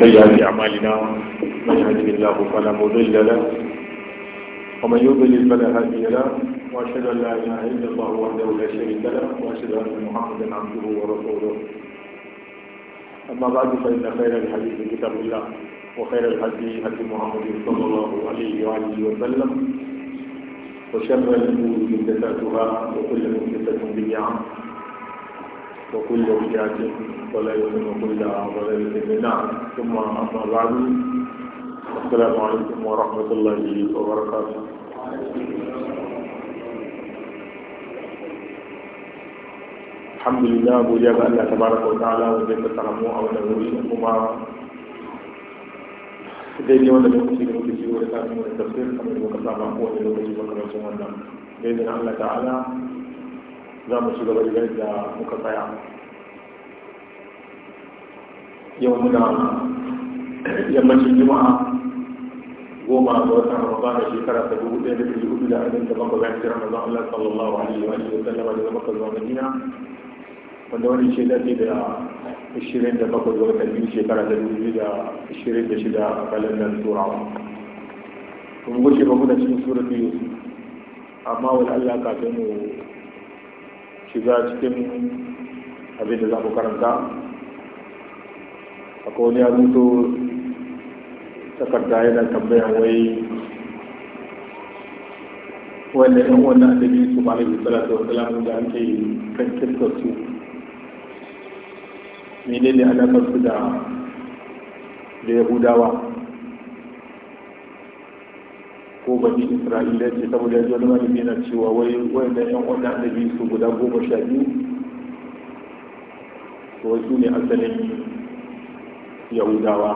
سيئات أعمالنا من يهده الله فلا مضل له ومن يضلل فلا هادي له وأشهد أن لا إله إلا الله وحده لا شريك له وأشهد أن محمدا عبده ورسوله أما بعد فإن خير الحديث كتاب الله وخير الهدي هدي محمد صلى الله عليه وآله وسلم وشر الأمور محدثاتها وكل محدثة بدعة وكل بجاج ولا يؤمن كل ولا يؤمن ثم أما بعد السلام عليكم ورحمة الله وبركاته الحمد لله بوجاب الله تبارك وتعالى وجاب ترمو أو نبوشكما دي ولا نمشي نمشي ولا نمشي za mu ci gaba da muka tsaya yau muna yammacin juma'a goma ga wata ramadan da shekara ta dubu ɗaya da ɗari hudu da arba'in da bakwai bayan jiran Allah sallallahu alaihi wa alihi wa sallam daga Makka zuwa Madina wanda wani ce da ke da ashirin da bakwai ga watan biyu shekara ta dubu da ashirin da shida a kalandar turawa kuma gushe ba muna cikin suratu yusuf amma wani Allah kafin mu shiga cikin abin da za ku karanta a wani ya rubuto takarda yana tambaya wai wanda yan wannan annabi su ba alaihi salatu wa salam da ake kan kirkar su menene alakar su da da yahudawa ko bani isra'ila ce saboda ya ji wani malami yana cewa wai wayannan yan da bi su guda goma sha biyu to su ne asalin yahudawa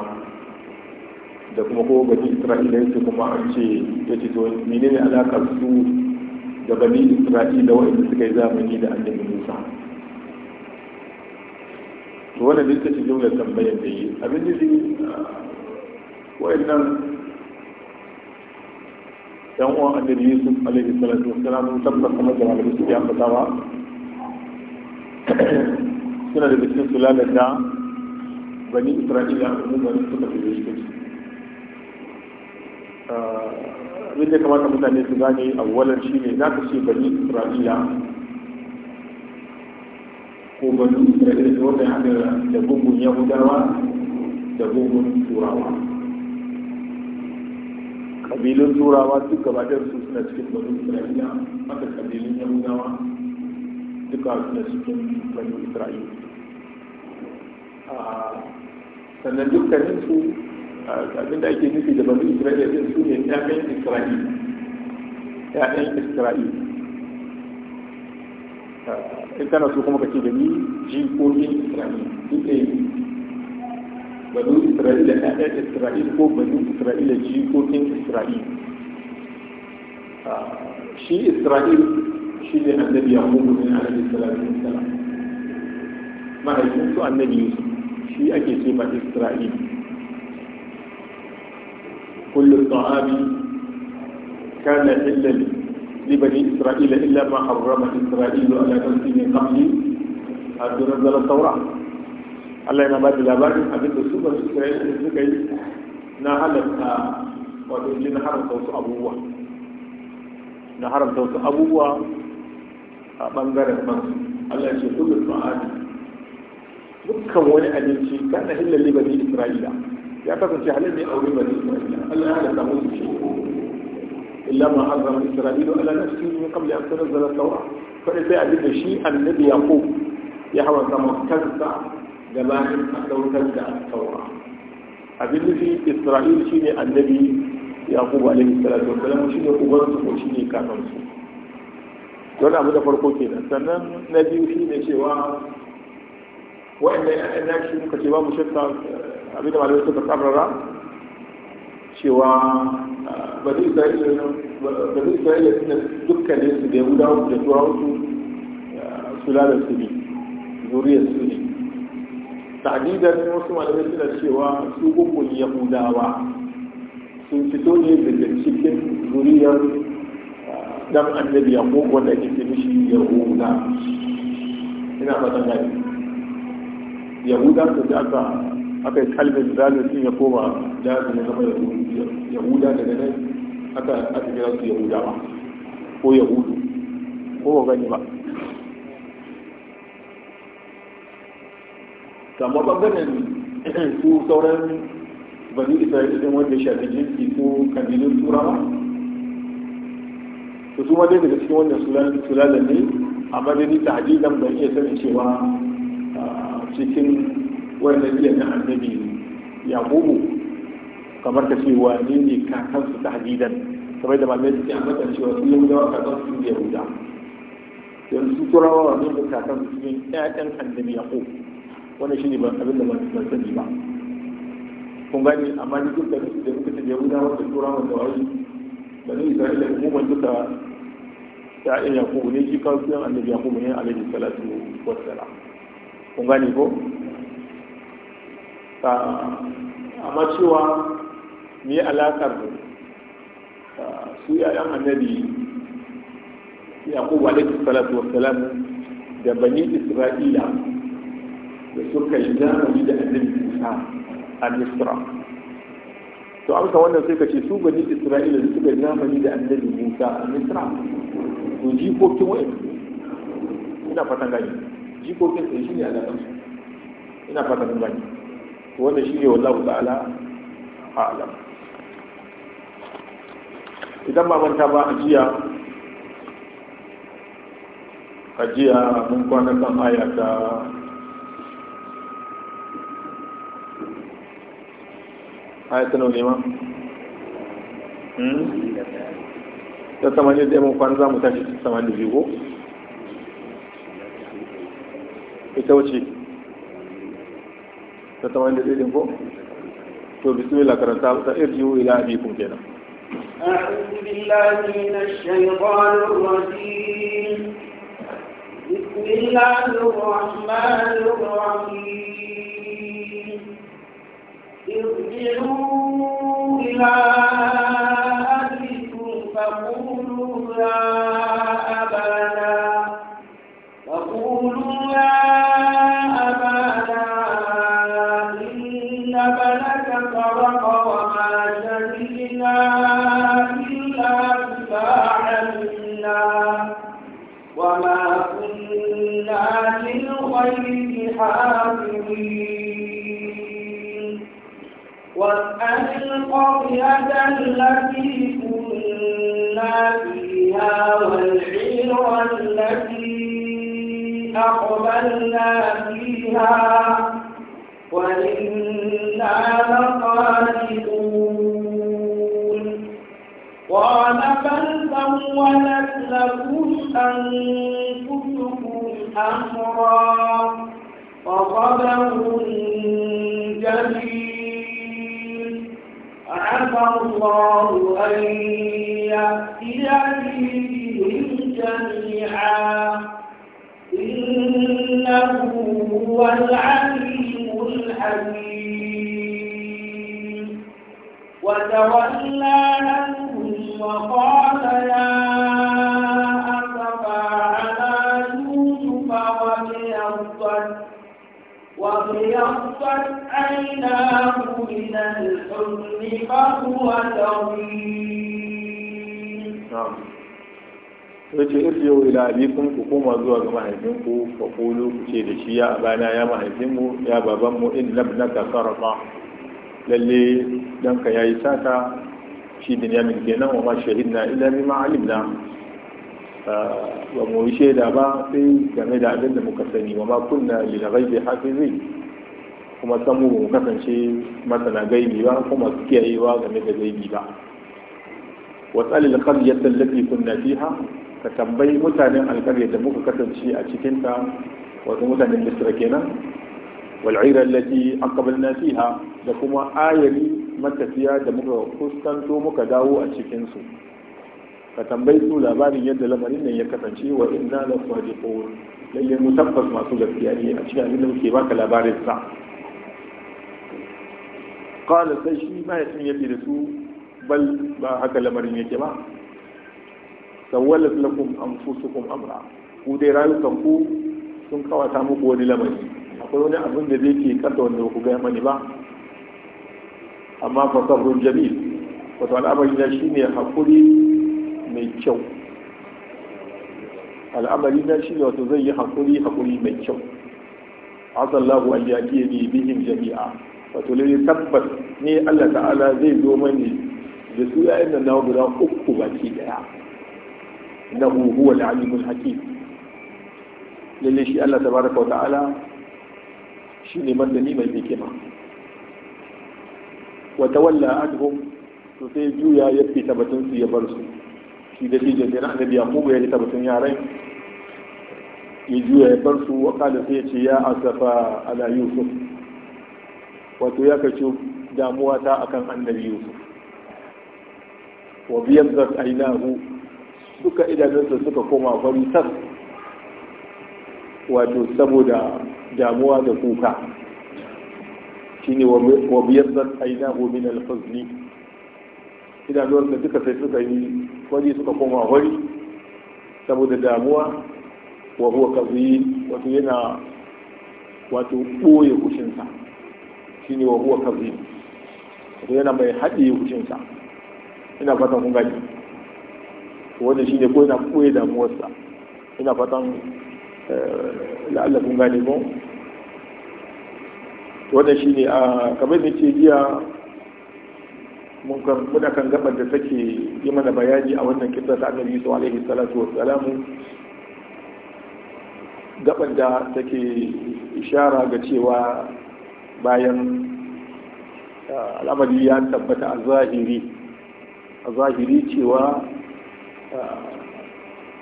da kuma ko bani isra'ila ce kuma an ce ya ce to ne alaƙar su da bani isra'ila wa'anda suka yi zamani da annabi musa to wannan duk ta ce jumlar tambayar da yi abin da wa'annan dan uwan annabi yusuf alaihi salatu wa sun tabbata kuma da malami su ya fata ba suna da cikin sulalar da bani isra'ila da suka fi shi ah, abin da kamata mutane su gane awwalar shi ne za ka ce bani isra'ila ko bani isra'ila ta wanda hanyar da gungun yahudawa da gungun turawa kabilun turawa duk gaba da su suna cikin banu isra'ila haka kabilun yahudawa duka suna cikin banu isra'ila ah, sannan dukkanin su ah, abin da ake nufi da banu isra'ila din su ne ƴaƴan isra'ila ƴaƴan isra'ila ah, in kana so kuma ka ce da ni jikokin isra'ila duk ɗaya بنو إسرائيل أهل إسرائيل هو بنو إسرائيل جي هو كين إسرائيل آه، شيء إسرائيل شيء اللي النبي يقوم من عليه الصلاة ما هي سوء النبي يوسف شي أكي سيما إسرائيل كل الطعام كان إلا لبني إسرائيل إلا ما حرم إسرائيل على نفسه من قبل أن تنزل التوراه Allah yana ba da labarin abin da su ba su kira yi suka yi na halatta wato ji na haramta wasu abubuwa na haramta wasu abubuwa a bangaren man Allah ya ce kullu ta'ani dukkan wani abinci kana hillal li bani isra'ila ya kasance halal ne a wurin bani isra'ila Allah ya halatta musu shi illa ma harrama isra'ilu ala nafsihi min qabli an tunzala tawra fa sai abin da shi annabi yaqub ya hawa sama kansa gabanin a ɗaukar da taura abin nufi isra'il ne annabi ya yaqubu alaihi salatu wasalam shine ubansu ko shi ne kakansu don abu da farko kenan sannan na biyu ne cewa wa'anda ya'yan nashi muka ce babu shakka eh, abin da malamai suka karrara cewa eh, bari zai isra'ila suna dukkanin su da yahudawa da turawansu su lalata eh, su ne zuriyar su ne ta'didar wasu malamai suna cewa su uku yahudawa sun fito ne daga cikin zuriyar ah, dan annabi yaqub wanda ake ce mishi yahuda ina fatan gani yahuda ko da aka aka yi kalmin sun ya koma jazin ya zama yahuda daga nan aka aka kira su yahudawa ko yahudu ko gani ba amma bangaren su sauran bani isra'ila cikin wanda shafi jinsi ko kabilun turawa to su ma dai daga cikin wanda sulalar ne amma dai ni tahdidan ban iya sanin cewa cikin wannan iya na annabi yaqubu kamar ka ce ne ne kakansu tahdidan kamar da malamai suke ambata cewa su yahudawa kakansu su yahuda yanzu turawa wani ne kakansu cikin ƴaƴan annabi yaqubu wani shi ne ba abin da ba sani ba kun gani amma ni duk da da muka ce yahudawa da turawa da wani da ni isra'ila umuman duka ya'yan yakubu ne shi kawo sunan annabi yakubu ne alaihi salatu wassalam kun gani ko ta ah, amma cewa me alakar ah, su yayan annabi yakubu alaihi salatu wassalam da bani isra'ila da suka yi zamani da annabi Musa a Misra to amsa wannan sai ka ce su gani Isra'ila da suka yi zamani da annabi Musa a Misra to jikokin wa'in ina fatan gani jikokin sai shine alaƙar su ina fatan gani to shi shine wallahu ta'ala a'lam idan ba manta ba a jiya kajiya mun kwana kan aya ta aya hmm? ta ma ta samanin da yamon kwana za mu tashi samanin da ita wuce ta samanin da ɗaiɗin ko to karanta ta irjiyu ila abikum kenan بسم الله الرحمن الرحيم ارجعوا فيها فأقبلنا فيها وإنا لقادرون قال بل سولت لكم أنفسكم أمرا فصبر جميل عسى الله أن يأتي بهم جميعا إنه هو العليم الحكيم وتولى وقال يا عيناه من الحزن فهو تَغْيِيرٌ yace irjiu ila abikum ku koma zuwa ga mahaifinku fa qulu ku ce da shi ya abana ya mahaifinmu ya babanmu in labnaka sarqa lalle danka yi sata shi binyamin kenan wa ma shahidna illa bima alimna ba mu yi shaida ba sai game da abin da muka sani wa ma kunna lil ghaibi hafizi kuma san mu kasance masana gaibi ba kuma kiyayewa game da gaibi ba wasal al qaryata kunna fiha ka tambayi mutanen alƙarya da muka kasance a cikinta wato mutanen misra kenan wal'ira allati aqbalna Nasiha, da kuma ayari matafiya da muka fuskanto muka dawo a cikinsu. ka tambayi su labarin yadda lamarin nan ya kasance wa inna la sadiqun lalle mu tabbas masu gaskiya ne a cikin abin da muke baka labarin sa qala sai shi ma ya da su bal ba haka lamarin yake ba sawwalat lakum anfusukum amra ku dai rayukan ku sun kawata muku wani lamari akwai wani abin da zai ke kasa wanda ku gaya mani ba amma fa sabrun jamil wato al'amari na shine hakuri mai kyau al'amari na shine wato zai yi hakuri hakuri mai kyau asallahu an yaki ni bihim jami'a wato lalle tabbas ne Allah ta'ala zai zo mani da su yayin da na guda uku baki daya innahu huwal alimul hakim lalle shi Allah tabaraka wa ta'ala shi ne madani mai hikima wa tawalla anhum to sai juya ya fita batun su ya bar su shi da dijin da annabi yaqub ya fita batun yaren. ya juya ya bar su wa kala sai ya ce ya asafa ala yusuf wato ya kace damuwa ta akan annabi yusuf wa biyazzat aynahu duka idanunsa suka koma fari tas wato saboda damuwa da kuka shine wa biyazzat aynahu min al-huzni idanunsa duka sai suka yi fari suka koma fari saboda damuwa wa huwa kazi wato yana wato ɓoye kushinsa shine wa huwa kazi wato yana mai haɗe kushinsa ina fatan kun gani wanda shi ne ko yana koya damuwarsa ina fatan eh, la'allafin gane ko wanda shi ne a kamar da ke jiya mun kan muna kan gabar da take yi mana bayani a wannan kisa ta annabi yusuf alaihi salatu wa salamu gabar da take ishara ga cewa bayan eh, al'amari ya tabbata a zahiri a zahiri cewa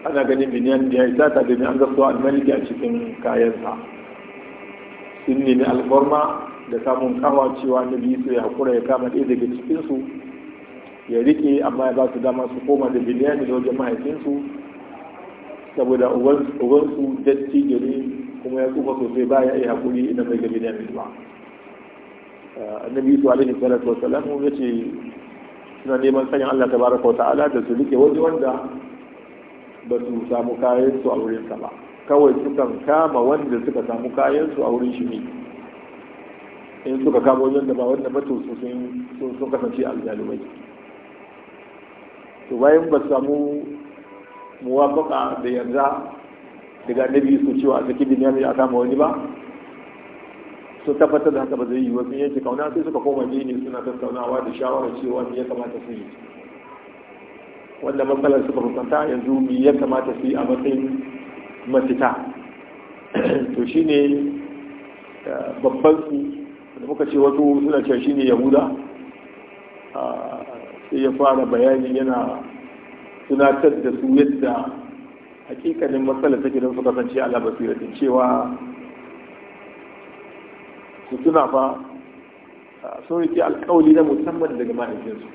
ana ganin biniyan da ya yi da ni an zafi wa a cikin kayansa sun nemi alfarma da samun kawa cewa na biyu su ya kura ya kama ɗaya daga cikinsu ya rike amma ya ba su dama su koma da biniyan da wajen mahaifinsu saboda ubansu datti gari kuma ya tsufa sosai ba ya yi hakuri idan bai ga biniyan ba annabi su alaihi salatu wasalam ya ce suna neman sanin Allah ta baraka wa ta'ala da su rike waje wanda ba su samu kayan su a wurin sa ba kawai sukan kama wanda suka samu kayan su a wurin shi ne in suka kama wajen da ba wanda ba to su sun kasance aljalumai to bayan ba samu muwafaka da yarda daga annabi su cewa a duniya bin ya kama wani ba sun tabbatar da haka ba zai yi wasu yanke kauna sai suka koma jini suna tattaunawa da shawarar cewa me ya kamata su yi wanda matsalar suka fuskanta yanzu me ya kamata su yi a matsayin mafita to shine eh, babban su da muka ce wasu suna cewa shine yahuda ah, sai ya fara bayani yana tunatar da su yadda hakikanin matsalar take don su kasance a basiratin cewa su suna fa sun rike alƙawali na musamman daga mahaifinsu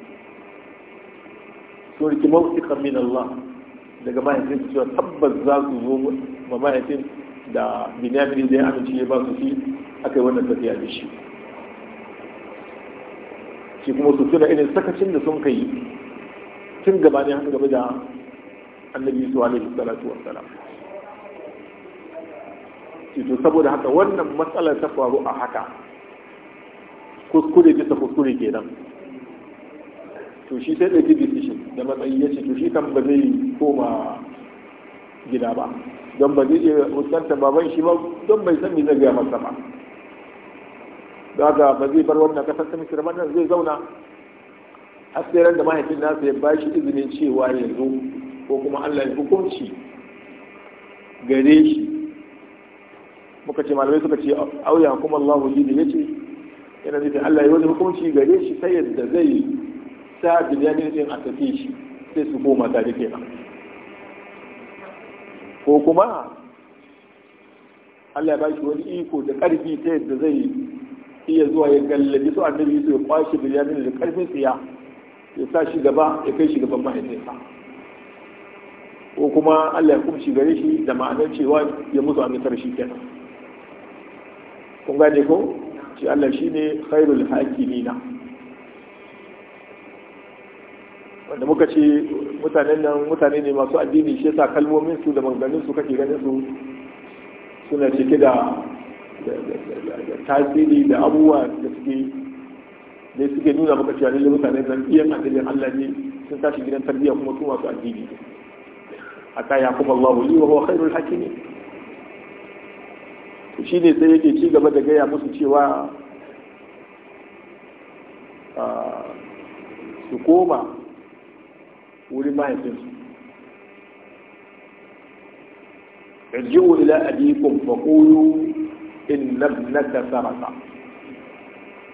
sun rike mawuƙiƙan min Allah daga mahaifinsu cewa tabbas za su zo ma mahaifin da binyamin da ya amince ya ba su fi aka yi wannan tafiya da shi shi kuma su tuna irin sakacin da sun kai tun gabanin haka gaba da annabi su alaihi salatu salatu to saboda haka wannan matsalar ta faru a haka kuskure bisa kuskure kenan to shi sai ɗauki decision da matsayi ya ce to shi kan ba zai koma gida ba don ba zai iya fuskanta baban shi ba don bai san me zai gaya masa ba daga ba zai bar wannan kasar ta misira nan zai zauna har sai da mahaifin nasa ya ba shi izinin cewa yanzu ko kuma Allah ya hukunci gare shi muka ce malamai suka ce auya kuma Allah ji da yace yana da Allah ya wani hukunci gare shi ta yadda zai sa Bilyaminu din a tafi shi sai su koma tare kenan ko kuma Allah ya bashi wani iko da karfi ta yadda zai iya zuwa ya gallabi su annabi su ya kwashe Bilyaminu da ƙarfin tsiya ya sa shi gaba ya kai shi gaban mahaifinsa ko kuma Allah ya kumshi gare shi da ma'anar cewa ya musu amintar shi kenan kun gane ko shi Allah ne khairul hakimina wanda muka ce mutanen nan mutane ne masu addini shi yasa kalmomin su da maganganun su kake ganin su suna cike da tasiri da abubuwa da suke ne suke nuna maka cewa ne mutanen nan iyan addinin Allah ne sun tashi gidan tarbiyya kuma su masu addini hatta ya kuma Allah li wa huwa khairul hakimina shi ne sai yake ci gaba da gaya musu cewa ah, su koma wurin mahaifinsu irji'u ila abikum fa qulu inna ibnaka saraka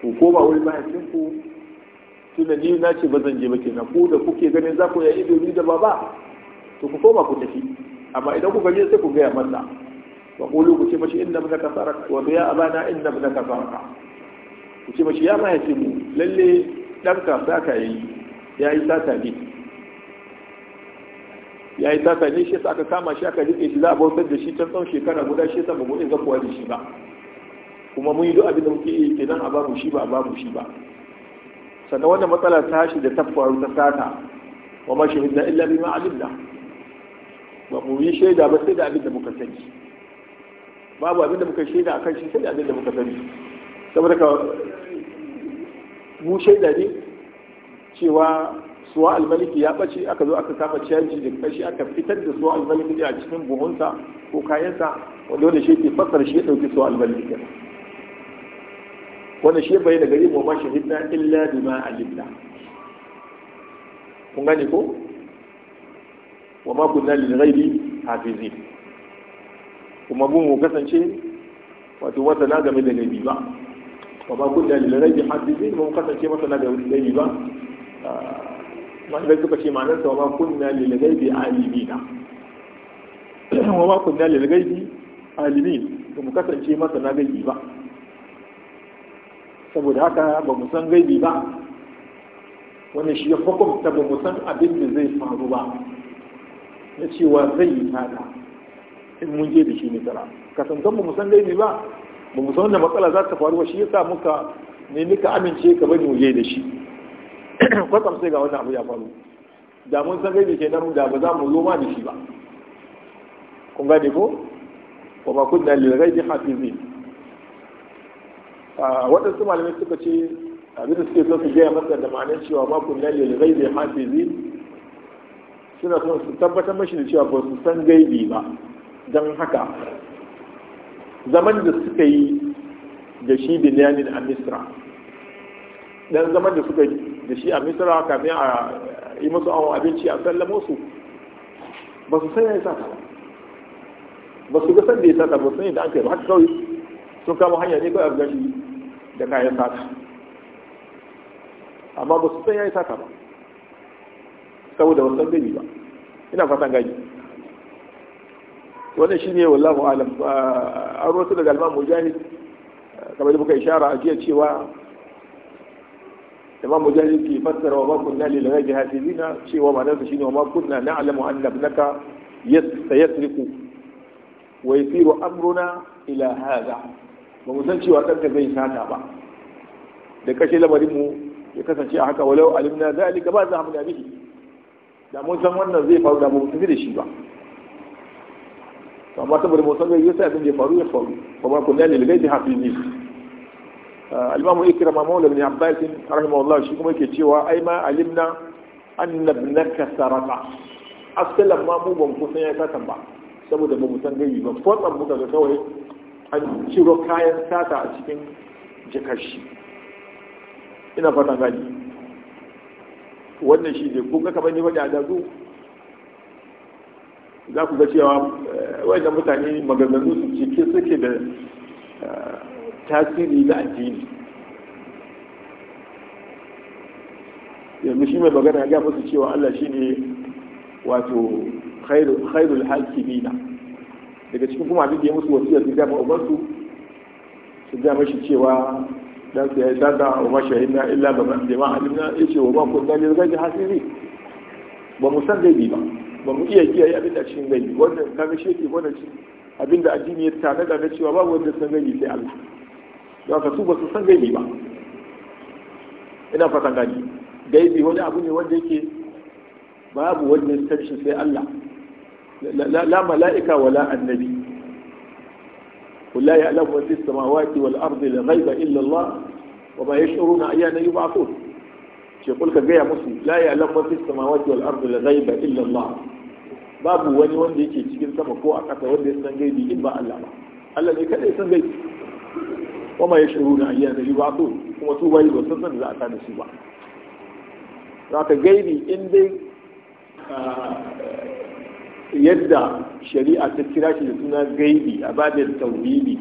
ku koma wurin mahaifinku tunda ni na ce ba zan je ba kenan ku da kuke ganin za ku ido ni da baba to ku koma ku tafi amma idan ku gani sai ku gaya masa wa qulu ku ce mashi inda muka kasara wa ya abana inda muka kasara ku ce mashi ya mahaifi mu lalle ɗanka ka yi ya yi sata ne ya yi sata ne shi aka kama shi aka rike shi za a bautar da shi can tsawon shekara guda shi sa ba mu kuwa da shi ba kuma mun yi duk abin da muke yi nan a bamu shi ba a bamu shi ba sannan wannan matsala ta shi da ta faru ta sata wa ma shahidna illa bima alimna ba mu yi shaida ba sai da abin da muka sani babu abin da muka shaida a kan shi sai abin da muka sani saboda ka mu shaida ne cewa suwa almaliki ya ɓace aka zo aka kama caji da kashi aka fitar da suwa almaliki a cikin buhunsa ko kayansa wanda wanda shi ke fasar shi ya ɗauki suwa almaliki wanda shi bai da gari mu ma shahidna illa bima alimna kun gane ko wa ma kunna lil ghaibi hafizin kuma gun kasance wato na game da gaibi ba wa ba kun dalilin rage hadisi mun kasance na game da gaibi ba ah, wanda suka ce ma'anar sa wa ba kun dalilin gaibi alibi wa ba kun dalilin gaibi alibi ba mu kasance na gaibi ba saboda haka ba mu san gaibi ba wani shi ya hukumta ba mu san abin da zai faru ba na cewa zai yi tada in mun je da shi ne tara kasantan mu san laifi ba ba mu san wanda matsala za ta faru ba shi yasa muka ne muka amince ka bari mu je da shi kwatsam sai ga wannan abu ya faru da mun san laifi nan da ba za mu zo ma da shi ba kun gane ko ba ma dalil lil ghaibi hafizi a ah, waɗansu malamai suka ce abin da suke so su gaya masa da ma'anar cewa kun dalil lil ghaibi hafizi suna son su tabbatar mashi da cewa ba su san gaibi ba don haka zaman da suka yi da shi biliyanin a misra dan zaman da suka yi da shi a misra kafin a yi masu awon abinci a sallama su ba su sanya ya sata ba su gasar san da ya sata ba su sanya da an kai ba haka kawai sun kama hanya ne kawai a da kayan sata amma ba su sanya ya sata ba saboda wasan gani ba ina fatan gani wannan shi ne wallahu alam an rotu daga alman mujahid kamar da muka ishara a jiya cewa imam mujahid ke fassara wa ma na lil ghaibi zina cewa ma'anar shi ne wa ma kunna na'lamu ta ibnaka sayasriqu wa yasiru amruna ila haza. ba mu san cewa kanka zai sata ba da kashe lamarin mu ya kasance a haka walau alimna zalika ba za mu da bihi da mun san wannan zai faru da mu tafi da shi ba to amma saboda motsa san gaibi sai abin da ya faru ya faru wa ma da lil ghaibi hafizi ah, al-imam ikrama maula ibn abbas rahimahullah shi kuma yake cewa ai ma alimna anna ibnaka saraka asalan ma mu ban kusan ya satan ba saboda ba mu san gaibi ba fotsan muka ga kawai an ciro kayan sata a cikin jikar shi ina fata gani wannan shi ne kun ga kamar ni wani adadu za ku ga cewa eh, wajen mutane maganganu su cike suke da eh, tasiri da addini yanzu shi mai magana ya gafa su cewa Allah shi ne wato khairul hakimina daga cikin kuma abin da ya musu wasiya su gama ubansu su gama shi cewa dan su ya yi sata wa mashahina illa ba ma'alimna ya ce wa ba ku dalil gaji hasiri ba mu san dai ba ba mu iya kiyaye abin da cikin gani wannan kaga shi ke gwada abin addini ya tare da cewa babu wanda san gani sai Allah don ka su ba su san gani ba ina fatan gani gaibi wani abu ne wanda yake babu wanda san shi sai Allah la mala'ika wala annabi ولا يعلم من في Wa ma الغيب إلا الله وما يشعرون أيان يبعثون يقول كجاية مسلم لا يعلم من في السماوات والأرض الغيب إلا الله babu wani wanda yake cikin sama ko a ƙasa wanda ya san gaibi in ba Allah ba Allah ne kada ya san gaibi wa ma yashuruna ayyana to kuma su bai ba san san za a tada shi ba zaka gaibi in dai ah, yadda shari'a ta kira shi da suna gaibi a babin tauhidi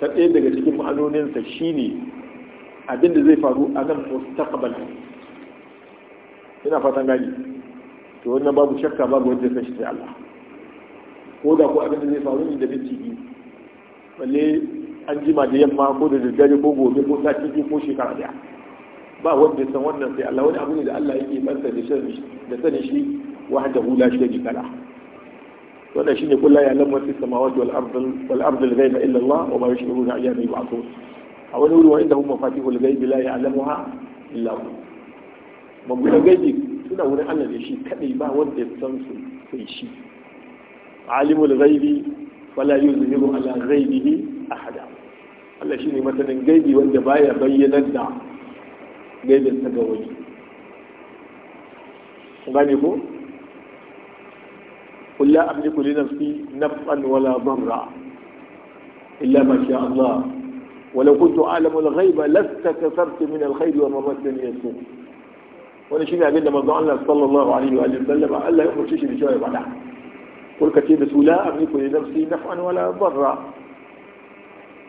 ta ɗaya daga cikin ma'anoninsa shine abinda zai faru a nan mustaqbal ina fatan gani to wannan babu shakka babu wanda ya kashi sai Allah ko da ko abin da zai faru ne da minti biyu balle an jima da yamma ko da daddare ko gobe ko sati ko ko shekara daya ba wanda san wannan sai Allah wani abu ne da Allah yake barka da sani da sanin shi wahdahu la sharika la wannan shine kullu ya lamu fi samawati wal ardi wal ardi al ghaiba illa Allah wa ma yashuruna ayyana yub'athun a wani wuri wa inda hum mafatihul ghaibi la ya'lamuha illa Allah mabulan gaibi suna wurin Allah ne shi kaɗai ba wanda ya san su sai shi alimul ghaibi wala yuzhiru ala ghaibihi ahada Allah shi ne masanin gaibi wanda baya bayyana da gaibin sa ga wani gane ko قل لا أملك لنفسي نفعا ولا ضرا إلا ما شاء الله ولو كنت أعلم الغيب لاستكثرت من الخير وما مسني السوء wani shi shine abin da manzon Allah sallallahu alaihi wa sallama Allah ya umarce shi da cewa ya faɗa kulka ce da su la amliku li nafsi naf'an wala barra.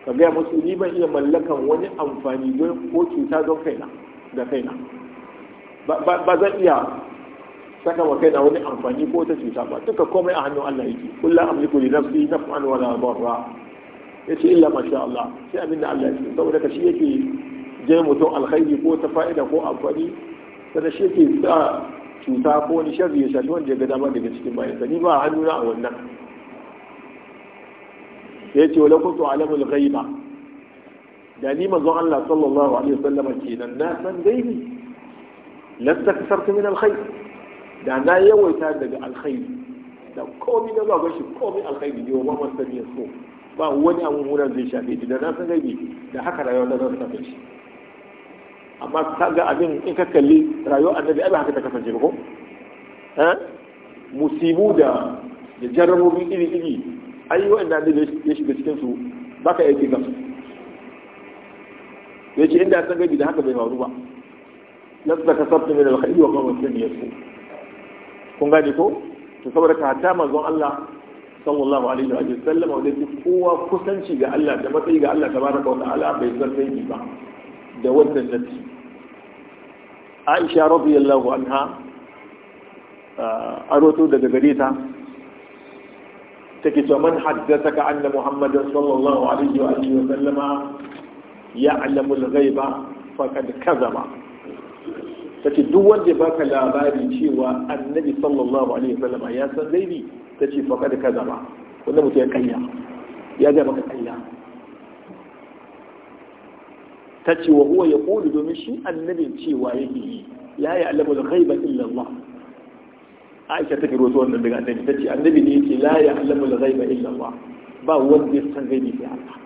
ka gaya musu ni ban iya mallakan wani amfani don ko cuta don kaina da kaina ba zan iya saka wa kaina wani amfani ko ta cuta ba duka komai a hannun Allah yake kullu amliku li nafsi naf'an wala darra yace illa ma sha Allah sai abin da Allah ya ce saboda ka shi yake je mutum alkhairi ko ta fa'ida ko amfani sai shi ke sa cuta ko wani shari ya shafi wanda ya ga dama daga cikin bayan sani ba a hannuna a wannan ya ce wala kuntu alamul ghaiba da ni manzon Allah sallallahu alaihi wasallam kenan na san gaibi lastakfartu min alkhair da na yawaita daga alkhairi da komai na ba shi komai alkhairi ne wa man sani so ba wani abu mura zai shafe shi da na san gaibi da haka rayuwa da zan shafe shi amma ka ga abin in ka kalli rayuwar annabi abin haka ta kasance ko musibu da da jarrabobi iri iri ayyuwa inda annabi ya shiga cikin su ba ka yake gamsu ya ce inda san gabi da haka bai faru ba lasta ka sabta min alkhairi wa qawlan su kun gane ko to saboda ka hatta manzon Allah sallallahu alaihi wa sallam wanda duk kowa kusanci ga Allah da matsayi ga Allah tabaraka wa ta'ala bai san ba da wannan nabi aisha radiyallahu anha a roto daga gare ta take cewa man haddathaka anna muhammadan sallallahu alaihi wa alihi wa sallama ya'lamu al-ghaiba faqad kazaba tace duk wanda baka labari cewa annabi sallallahu alaihi wa sallama ya san gaibi tace faqad kazaba wannan mutum ya kayya ya ga maka kayya ta ce wa huwa ya ƙoli domin shi annabin cewa yake yi la ya alamu da ghaiba illa Allah Aisha take roto wannan daga annabi ta ce annabi ne yake la ya alamu da ghaiba illa Allah ba wanda ya san gaibi sai Allah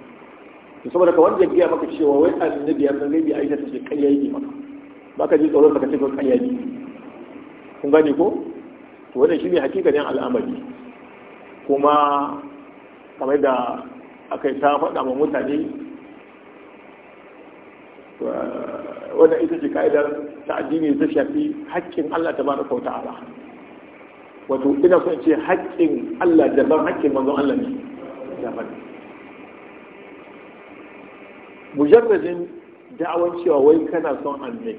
to saboda ka wanda ya gaya maka cewa wai annabi ya san gaibi Aisha ta ce ƙarya yake maka baka ji tsoron ka ce ko ƙarya ne kun gane ko to wannan shine hakikanin al'amari kuma kamar da aka yi ta faɗa ma mutane wadda ita ce ka'idar ta addini ta shafi haƙƙin Allah ta bada kauta ala wato ina son ce haƙƙin Allah daban haƙƙin manzon Allah ne daban mujarrajin da'awar cewa wai kana son annabi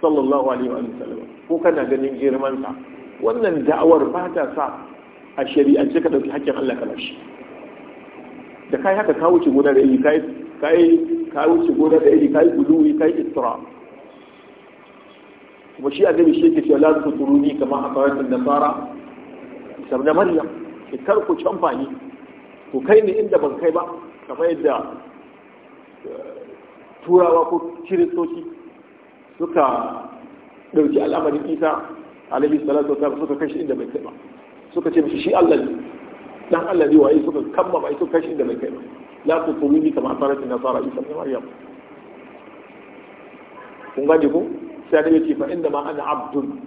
sallallahu alaihi wa sallam ko kana ganin girman sa wannan da'awar ba ta sa a shari'ance ka dauki haƙƙin Allah ka shi. da kai haka ka wuce gudanar da yi kai ka wuce gona da iri ka yi gudu ka yi istira kuma shi a gani shi yake cewa turu ni kama akaratun nasara isar da mariya ki kar ku canfa ni ku kai ni inda ban kai ba kamar yadda eh, turawa ko kiristoci suka ɗauki al'amarin isa alaihi salatu wasallam suka kashi inda bai kai ba suka ce mishi shi Allah ne dan Allah ne waye suka kammama suka kashi inda bai kai ba la tuturuni kama asarat nasara isa ibn maryam kun gaje ko sai da yace fa inda ma ana abdun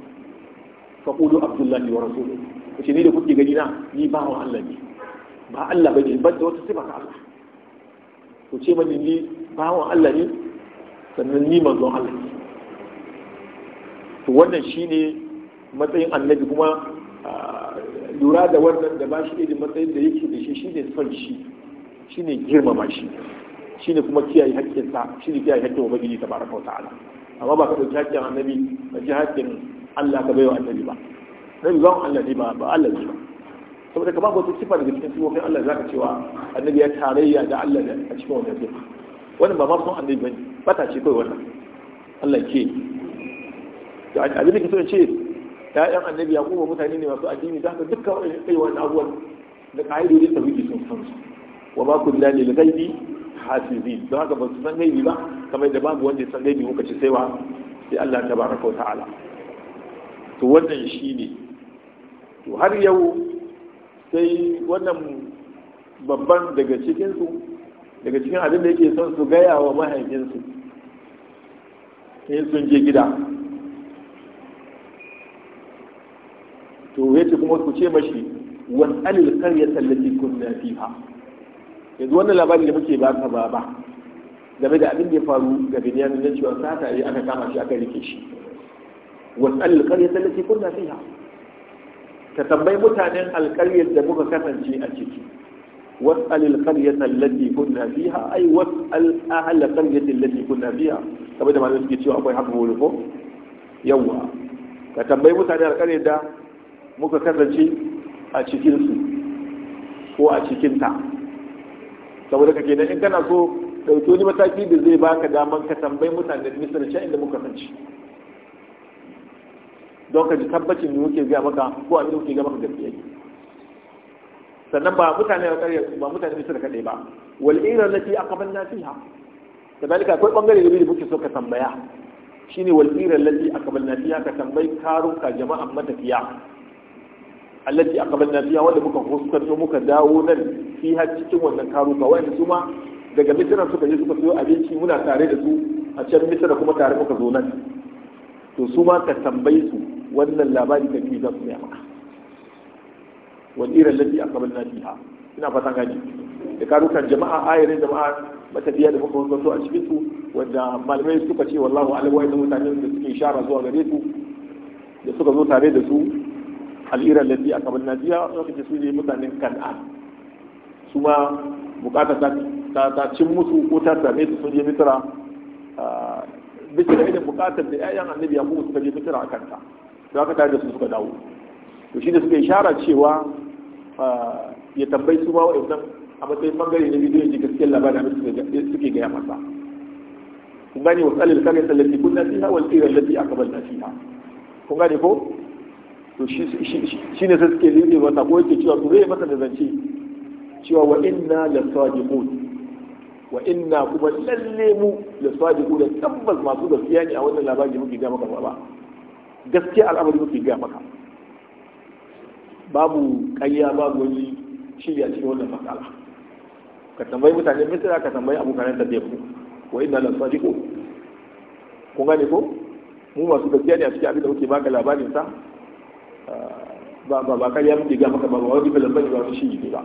fa qulu abdullahi wa rasuluhu kace ni da kuke gani na ni ba wa Allah ne ba Allah bane ban da wata sifa ta Allah to ce mani ni ba wa Allah ne sannan ni manzon Allah ne to wannan shine matsayin annabi kuma ah, lura da wannan da ba shi ne matsayin da yake da shi shine son shi shine girmama shi shine kuma kiyaye haƙƙin sa shine kiyaye haƙƙin ubangiji baraka wa ta'ala amma ba ka dauki haƙƙin annabi ba ji haƙƙin Allah ka baiwa annabi ba nabi ba Allah ne ba ba Allah ne ba saboda kamar wata sifa daga cikin sifofin Allah zaka cewa annabi ya tarayya da Allah a cikin wannan sifa wannan ba ma son annabi ba ta ce kawai wannan Allah ke abin da ke so ya ce ya'yan annabi ya kuma mutane ne masu addini za ka dukkan kai wannan abubuwan da ƙa'idodin tauhidi wa ma kunna lil gaibi hasibi don haka ba su san gaibi ba kamar da babu wanda ya san gaibi muka ce sai wa sai Allah tabaraka wa ta'ala to wannan shi ne. to har yau sai wannan babban daga cikinsu daga cikin abin da yake son su gaya wa mahaifinsu sai sun je gida to yace kuma ku ce mashi wani alil karyata lati kunna fiha yanzu wannan labarin da muke ba ka ba ba game da abin da ya faru ga binyamin na cewa sata yi aka kama shi aka rike shi wasu alƙaryar tallafi kunna fiha ka tambayi mutanen alƙaryar da muka kasance a ciki wasu alƙaryar tallafi kunna fiha ai wasu alƙaryar tallafi kunna fiha kamar da ma suke cewa akwai haka wani ko yawwa ka tambayi mutanen alƙaryar da muka kasance a cikinsu ko a cikinta saboda kake nan in kana so ɗauki wani mataki da zai baka daman ka tambayi mutane da misali can inda muka sanci don ka ji tabbacin da muke gaya maka ko a muke gaya maka gaskiya ne sannan ba mutane a ƙarya ba mutane misali kaɗai ba wal iran lati aqbal nasiha kadalika akwai bangare da muke so ka tambaya shine wal iran lati aqbal nasiha ka tambayi karo ka jama'a matafiya allati aqbalna fiha wanda muka fuskanto muka dawo nan fiha cikin wannan karuka wanda su ma daga misira suka je suka siyo abinci muna tare da su a can misira kuma tare muka zo nan to su ma ka tambaye su wannan labari ka fi za su ya maka wani irin lafi a kamar na fiha ina fatan gani da karukan jama'a ayarin jama'a matafiya da muka wanzanto a cikin su wanda malamai suka ce wallahu alawai da mutanen da suke shara zuwa gare su da suka zo tare da su al'irar lafi a kamar najiya lokacin su ne mutanen kan'a su ma bukata ta cin musu ko ta same su sun je misira bisa da idan bukatar da 'ya'yan annabi ya kuma suka je misira a kanta za ka tare da su suka dawo to shi da suka ishara cewa ya tambayi su ma wa'in a matsayin bangare na bidiyon ji gaskiyar labarin da suke gaya masa kun gane wa tsalil kare tsallafi kun nasiha fiha wal tsirar lafi a kamar nasiha kun gane ko to shi ne sai suke lebe wa sako yake cewa su zai masa da zance cewa wa inna la sadiqun wa inna kuma lalle mu la sadiqun da tabbas masu gaskiya ne a wannan labarin muke gaya maka ba gaskiya al'amari muke gaya maka babu kayya babu wani shirya cikin wannan matsala ka tambayi mutane misira ka tambayi abokanan da zai wa inna la ko? kun gane ko mu masu gaskiya ne a cikin abin da muke baka labarin sa ba ba kan ya muke ga maka ba wani filin bane ba su shi ne ba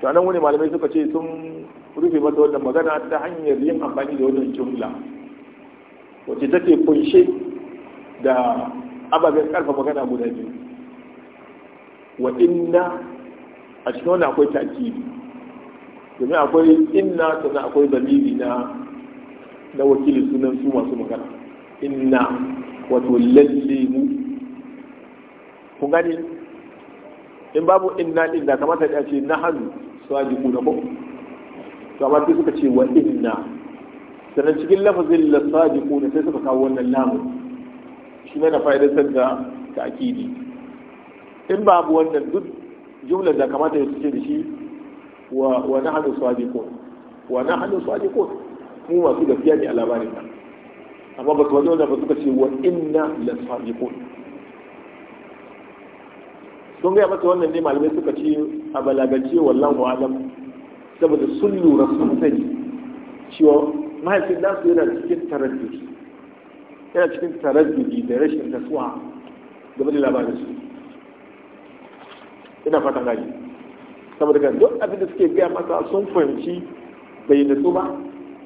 to anan wani malamai suka ce sun rufe masa wannan magana ta hanyar yin amfani da wannan jumla wacce take kunshe da ababen karfa magana guda biyu wa inna a cikin wannan akwai ta'kidi domin akwai inna sannan akwai dalili na na wakilin sunan su masu magana inna wato lalle mu ku gani in babu inna din da kamata ya ce a jiku na ko to amma sai suka ce wa inna sannan cikin lafazin la sadiqu ne sai suka kawo wannan lamun shi ne na fa'idar sanda ta akidi in babu wannan duk jumlar da kamata ya ce da shi wa na su wa na hannu su a jiku mu masu gaskiya ne a labarin nan amma ba su wajen wannan ba suka ce wa inna la sadiqu sun gaya masa wannan ne malamai suka ce a balagance wallahu alam saboda sun lura sun sani cewa mahaifin nasu yana cikin taraddudi yana cikin taraddudi da rashin nasuwa game da labarin su ina fatan gani saboda kan duk abin da suke gaya masa sun fahimci bai nasu ba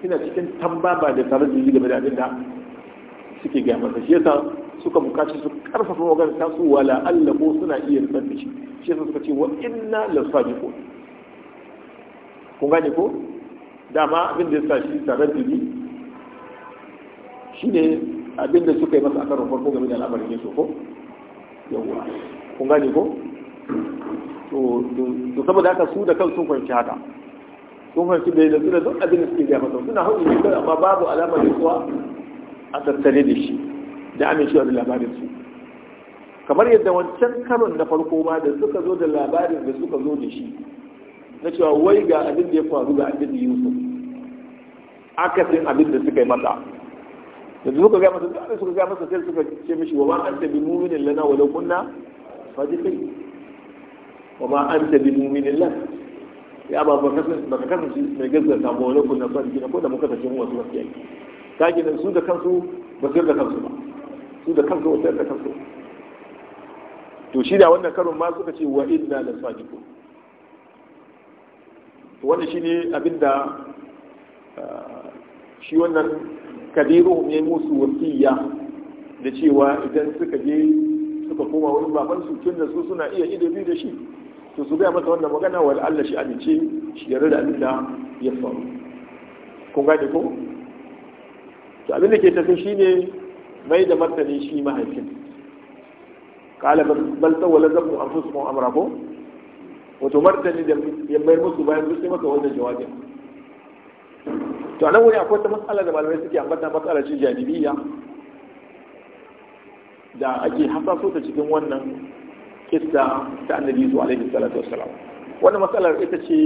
suna cikin tambaba da taraddudi game da abin da suke gaya masa shi yasa suka bukaci su karfafa wa ta su wala Allah ko suna iya rikar da shi shi suka ce wa inna la ko? kun gane ko dama abin da yasa shi ni, shine abin da suka yi masa a rufar ko game da al'amarin ne ko yawwa kun gane ko to saboda haka su da kansu kwanci haka sun hanci da yanzu da duk abin da suke gaya masa suna hau ne amma babu alamar kuwa a tattare da shi da amincewa da labarin su kamar yadda wancan karon na farko ba da suka zo da labarin da suka zo da shi na cewa wai ga abin da ya faru ga annabi aka akasin abin da suka yi masa yanzu suka ga masu da suka ga masa sai suka ce mishi wa ma anta bi mu'minin lana walau kunna kai, wa ma anta bi mu'minin lana ya ba ba kasan ba ka kasance mai gazzata ba walau kunna fadikai ko da muka tafi mu wasu wasu yaki kaji da su da kansu ba su da kansu ba su da kansu wata da kansu to shi da wannan karon ma suka ce wa inna la sadiqun wannan shine abinda ah, shi wannan kabiru ne musu wasiya da cewa idan suka je suka koma wurin baban su tun da su suna iya ido biyu da shi to su gaya masa wannan magana wa Allah shi amince shi yarda da abinda ya faru kun gane ko to abin da ke tafi shine mai da martani shi mahaifin kala bal wala zabu anfusukum amra ko wato martani da ya mai musu bayan duk sai maka wannan jawabin to anan wuri akwai ta matsala da malamai suke ambata matsala ce janibiya da ake hasaso ta cikin wannan kissa ta annabi su alaihi salatu wassalam wannan matsalar ita ce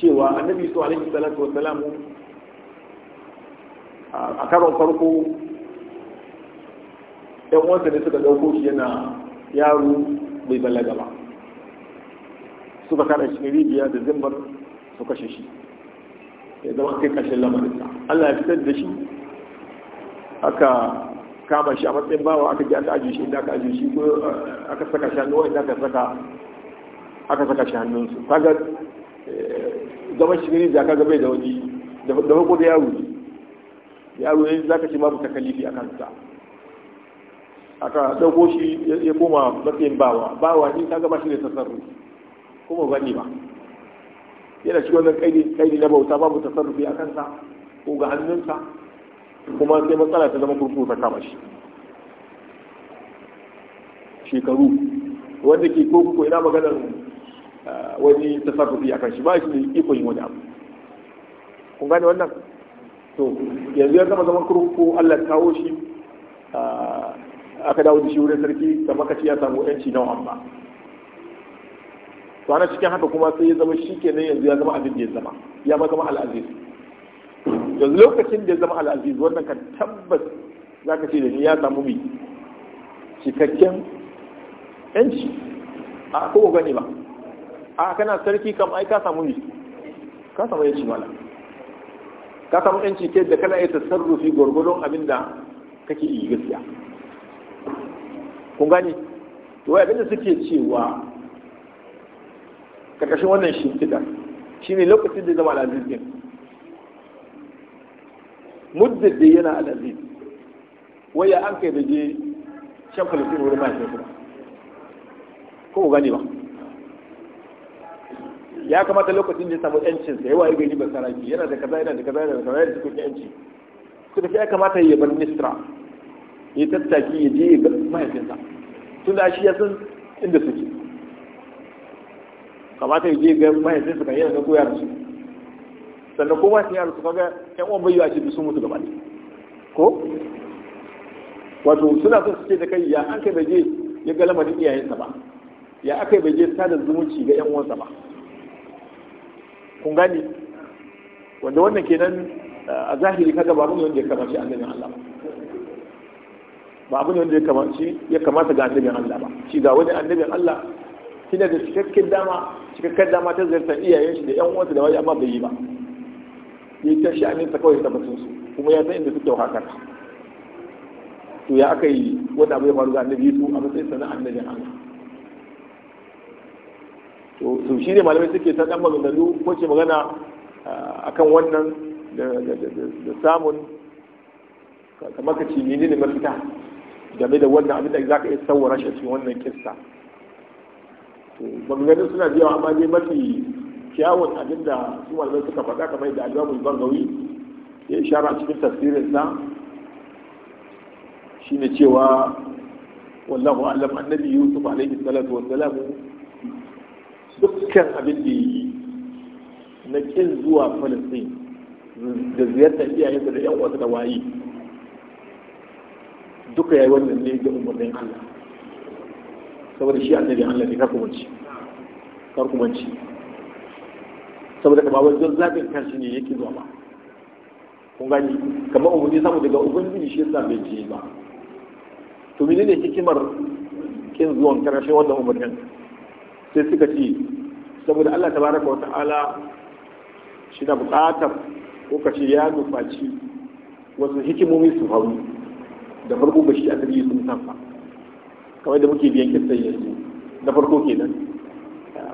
cewa annabi su alaihi salatu wassalam a karon farko ɗan uwansa ne suka ɗauko shi yana yaro bai balaga ba suka kada shi rijiya da zimbar su kashe shi ya zama kai kashin lamarinsa Allah ya fitar da shi aka kama shi a matsayin bawa aka ji aka aji shi inda aka aji shi ko eh, aka saka shi hannu inda aka saka aka saka shi hannunsu kaga eh, zaman shi rijiya kaga bai da wani da farko yaro ne yaro ne zaka ce babu takalifi a kansa aka ɗauko shi ya koma matsayin bawa bawa ni ta gaba shi da tasarru kuma bane ba yana shi wannan kaidi na bauta babu tasarrufi a kansa ko ga hannunsa kuma sai matsala ta zama kurkuku ta kama shi shekaru wanda ke ko kurkuku ina maganar ah, wani tasarrufi a kan shi ba shi ne iko yin wani abu kun gane wannan to yanzu ya zama zaman kurkuku Allah kawo shi aka dawo da shi wurin sarki kamar ka ya samu yanci na amma to ana cikin haka kuma sai ya zama shi kenan yanzu ya zama abin da ya zama ya ma zama al'aziz yanzu lokacin da ya zama al'aziz wannan kan tabbas za ka ce da ni ya samu mai cikakken yanci a ko gani ba a kana sarki kam ai ka samu mai ka samu yanci mala ka samu yanci ke da kana yi tasarrufi gwargwadon abin da kake yi gaskiya kun gani to wai abinda suke cewa karkashin wannan shimfiɗa shine lokacin da zama al'azizin muddin da yana wai waya an kai da je shan falastin wurin mahaifinsa ko gani ba ya kamata lokacin da ya samu yancin sa yawa gari ba saraki yana da kaza yana da kaza yana da kaza yana da da yanci suka ce ya kamata ya bar misra ya tattaki ya je ya ga mahaifinsa tun da shi ya san inda suke kamata ya je ga mahaifinsa kan yana ga da su sannan kowa sun yaro su kaga yan uwan bayyu a ce sun mutu gaba ko wato suna son su ce da kai ya an kai bai je ya ga lamarin iyayensa ba ya aka bai je sada zumunci ga yan uwansa ba kun gane wanda wannan kenan a zahiri kaga ba mun wanda ya kamace annabin Allah ba ba abu ne wanda ya kamata ya kamata ga annabin Allah ba shi ga wani annabin Allah shi da cikakken dama cikakken dama ta ziyartar iyayen shi da yan uwansa da waje amma bai yi ba ya ta shi aminta kawai ta batun su kuma ya san inda suke hakar to ya aka yi wanda abu ya faru ga annabi su a matsayin sana annabin Allah to su shi ne malamai suke ta dan maganganu ko ce magana ah, akan wannan da samun kamar ka ce ne mafita game da wannan abin da za ka yi tsawara shi cikin wannan mu maganganun suna biya amma dai mafi kyawun abin da su malamai suka faɗa kamar da ban gawi ya ishara a cikin tafsirinsa shine cewa wallahu alam annabi yusuf alaihi salatu wassalam dukkan abin da yi na kin zuwa falastin da ziyartar iyayensa da yan wasu da waye. duka ya yi wannan ne ga umarnin Allah saboda shi annabi Allah ne karku manci karku manci saboda kamar wajen zaɓin kanshi ne yake zuwa ba kun gani kamar umarni samu daga ubangiji shi yasa bai ji ba to ne hikimar kin zuwan karshen wannan umarnin sai suka ce saboda Allah tabaraka wa ta'ala shi na buƙatar ko kace ya nufaci wasu hikimomi su faru da farko ba shi annabi sun san ba kamar da muke biyan yi yanzu na farko kenan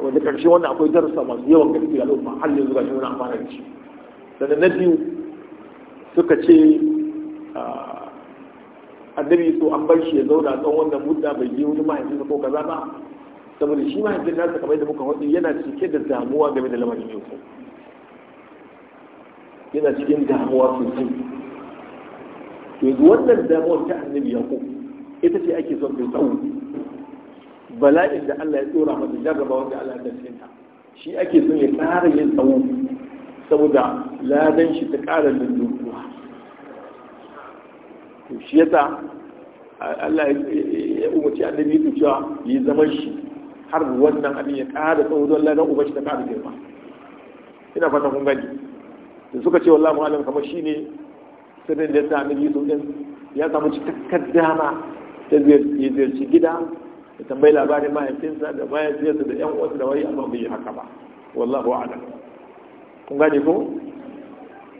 wanda karshe wannan akwai darussa masu yawan gaske al'umma har yanzu ga shi wani amfana da shi daga na biyu suka ce ah, annabi so an bar shi ya zauna tsawon wannan mudda bai yi wani mahaifinsa ko kaza ba saboda shi mahaifin nasa kamar da muka faɗi yana cike da damuwa game da lamarin yau, yana cikin damuwa sosai to yanzu wannan damuwar ta annabi yaqub ita ce ake son mai tsawo bala'in da Allah ya tsora mata jarraba wanda Allah ya dace ta shi ake son ya ƙara yin tsawo saboda ladan shi ta ƙara lulluwa to shi yasa Allah ya umarci annabi ya cewa yi zaman shi har wannan abin ya ƙara tsawo don ladan uba shi ta ƙara girma ina fata kun gani da suka ce wallahi mu'alim kamar shine sirrin da ta amiri su din ya samu cikakkar dama ta ziyarci gida da tambayi labarin mahaifinsa da mahaifiyarsa da yan uwansa da wai amma bai haka ba wallahu a'lam kun gane ko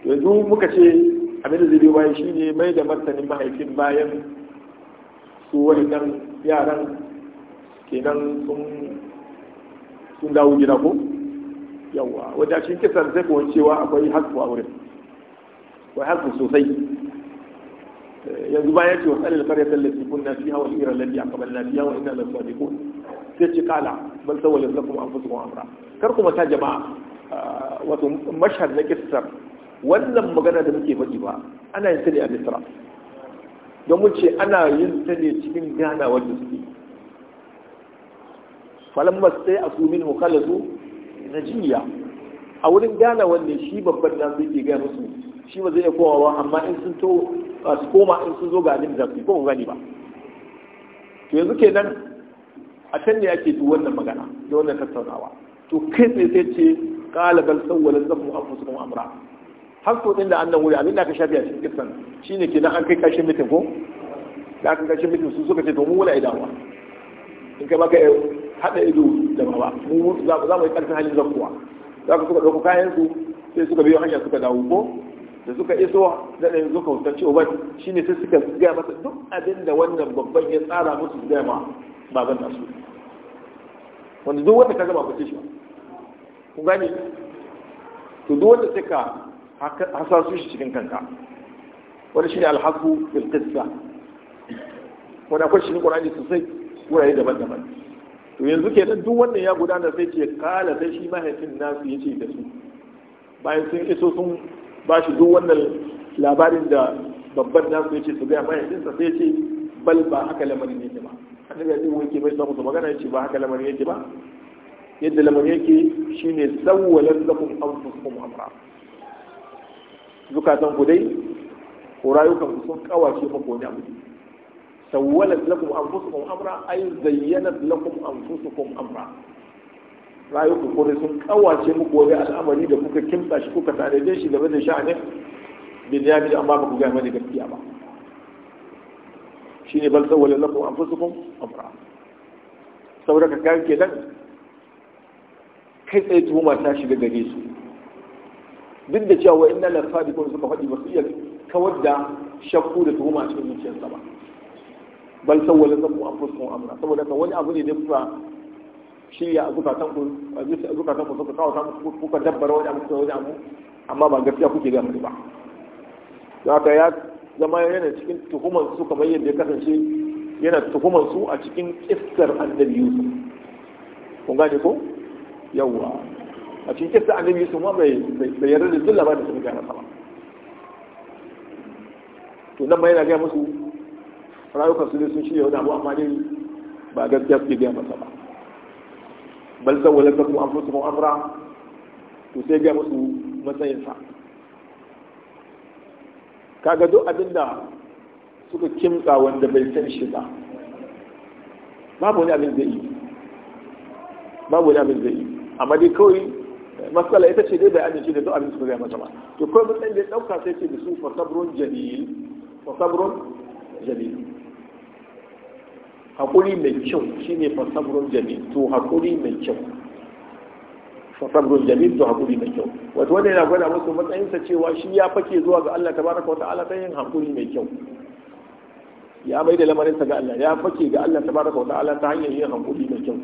yanzu muka ce abin da zai biyo bayan shine mai da martanin mahaifin bayan su wani nan yaran kenan sun sun dawo gida ko yawa wanda cikin kisan zai kowancewa akwai haka a wurin wa haku sosai yanzu bayan ce wasu alil kare tallafi kunna fi hawa hira lafi a kamar na fiya wa ina da sadiqun sai ce kala bal sawalin lakum anfusukum amra kar kuma ta jama'a wato Mashar na kissar wannan magana da muke faɗi ba ana yin ta ne a Misira? don mun ce ana yin ta ne cikin gana wanda suke falamma sai a su min hukalazu na jiya a wurin gana wanda shi babban nan zai ke gaya musu shi ba zai iya kowa ba amma in sun to a su koma in sun zo ga abin da su ko gani ba to yanzu kenan a can ne ake duk wannan magana da wannan tattaunawa to kai tsaye sai ce qala bal sawwalat lakum amura. amra hakko din da annan wuri abin da aka shafi a cikin kisan shine kenan an kai kashin mutum ko da aka kashin mutum su suka ce to mu wala idawa in kai maka haɗa ido da baba mu za mu yi karfin halin zakuwa za ka suka ɗauko kayan su sai suka biyo hanya suka dawo ko da suka iso da ɗaya zuka wutarci uban shi ne sai suka gaya masa duk abin da wannan babban ya tsara musu gaya ma baban nasu wanda duk wanda ka gaba ku ce shi ku gani to duk wanda suka hasasu shi cikin kanka wani shi ne alhaku fil qissa wanda akwai shi ne qur'ani sosai wurare daban-daban to yanzu kenan duk wannan ya gudana sai ce kala sai shi mahaifin nasu ya ce da su bayan sun iso sun ba shi duk wannan labarin da babban nasu ya ce su gaya mahaifinsa sai ya ce bal ba haka lamarin ne ba annabi ya ce wai ke mai sabu su magana ya ce ba haka lamarin yake ba yadda lamarin yake shine sawwalan lakum anfusukum amra zukatan ku dai ko rayukan ku sun kawace ko da abu sawwalat lakum anfusukum amra ay zayyana lakum anfusukum amra rayukan kore sun kawace muku wani al'amari da kuka kimsa shi kuka tare shi game da sha'anin binyamin amma ba ku gaya mani gaskiya ba shi ne bal sawwala lakum anfusukum amra saboda ka ke nan, kai tsaye tuhuma ta shiga gare su duk da cewa na la sadiqun suka faɗi ba su iya kawar da shakku da tuhuma a cikin zuciyarsa ba bal sawwala lakum anfusukum amra saboda ka wani abu ne da fura shirya a zukatan ku a zukatan ku suka kawo samu kuka dabbara wani abu wani abu amma ba gaskiya kuke ga ba za ka ya zama yana cikin tuhuman su kamar yadda ya kasance yana tuhuman su a cikin kistar annabi Yusuf kun gane ko yawwa a cikin kistar annabi Yusuf ma bai yarda da zulla ba da suka gane sama to nan ma yana gaya musu rayukan su ne sun shirya wani abu amma dai ba gaskiya ke gaya masa ba bal am lakum anfusukum amra to sai ga sa. Ka kaga duk abinda suka kimtsa wanda bai san shi ba babu wani abin zai yi babu wani abin zai yi amma dai kawai matsala ita ce dai bai amince da duk abin su zai mata ba to kawai matsayin da ya dauka sai ce da su fasabron jalil fasabrun jalil Hakuri mai kyau shine fasabrun jamil to hakuri mai kyau fasabrun jamil to hakuri mai kyau wato wanda yana gwada musu matsayinsa cewa shi ya fake zuwa ga Allah tabaraka wa ta'ala ta yin hakuri mai kyau ya mai da lamarinsa ga Allah ya fake ga Allah tabaraka wa ta'ala ta hanyar yin hakuri mai kyau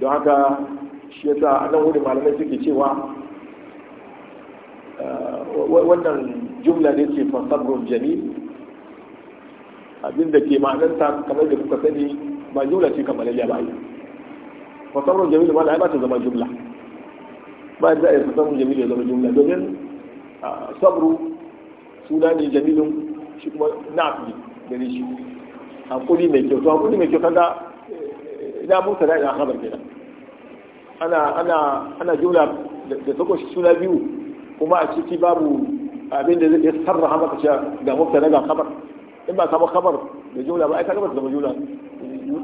don haka shi yasa a nan wuri malamai suke cewa eh, wannan jumla ne ce fasabrun jamil abin da ke ma'anarta kamar da kuka sani ba jumla ce kamar ya ba yi fasarun jamilu ma ba ta zama jumla ba yadda ya fasarun jamilu ya zama jumla domin sabru suna ne jamilun shi kuma na'af ne gani shi hankuli mai kyau to hankuli mai kyau kanda eh, ina musa da ina habar kenan ana ana ana jumla da sako shi suna biyu kuma a ciki babu abin da zai sarrafa maka cewa ga mubtada ga khabar in ba kama kamar da jumla ba ba zama jumla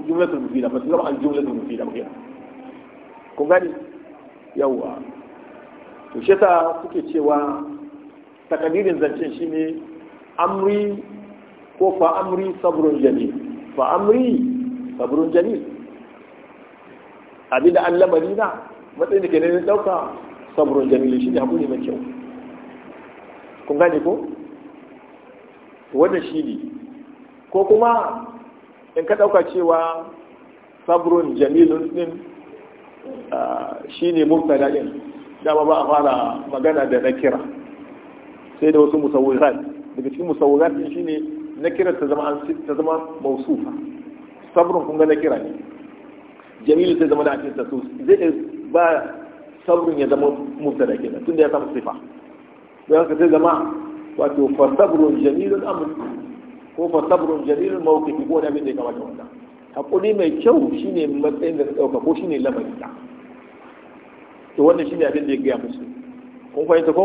jumlatul mufida ba zama al jumlatul mufida ba kun gani yawa to shi ta kuke cewa takadirin zancen shine amri ko fa amri sabrun jamil ko kuma in ka ɗauka cewa sabrun jamilun ɗin shi ne mubtada ɗin dama ba a fara magana da nakira sai da wasu musawirat daga cikin musawirat ɗin shine nakira ta zama ta zama mausufa sabrun kun ga nakira ne jamilun ta zama da ake ta zai ba sabrun ya zama mubtada tun da ya samu sifa don haka sai zama wato fa sabrun jamilun amurka ko fa sabrun jalil mawqifi ko da abin da ya kamata wannan hakuri mai kyau shine matsayin da dauka ko shine lamarin ta to wannan shine abin da ya gaya musu kun fahimta ko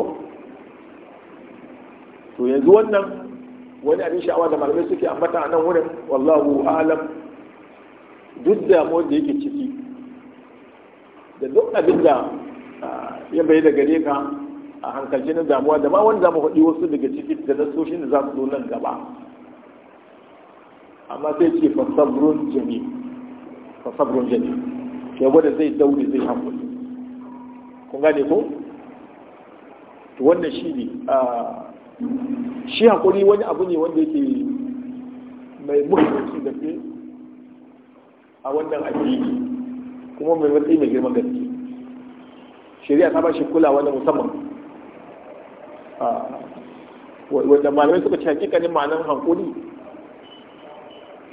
to yanzu wannan wani abin sha'awa da malamai suke ambata a nan wurin wallahu alam duk da mu da yake ciki da duk abin da ya bai da gare ka a hankalci na damuwa da ma wani zamu faɗi wasu daga ciki da nasoshin da za su zo nan gaba amma sai ce fa jami fa sabrun jami ke wanda zai daure zai hankali kun gane ko to wannan shi ne shi hakuri wani abu ne wanda yake mai muhimmanci da ke a wannan addini kuma mai matsayi mai girman gaske shari'a ta ba shi kulawa na musamman wanda malamai suka ci hakikanin ma'anar hankuli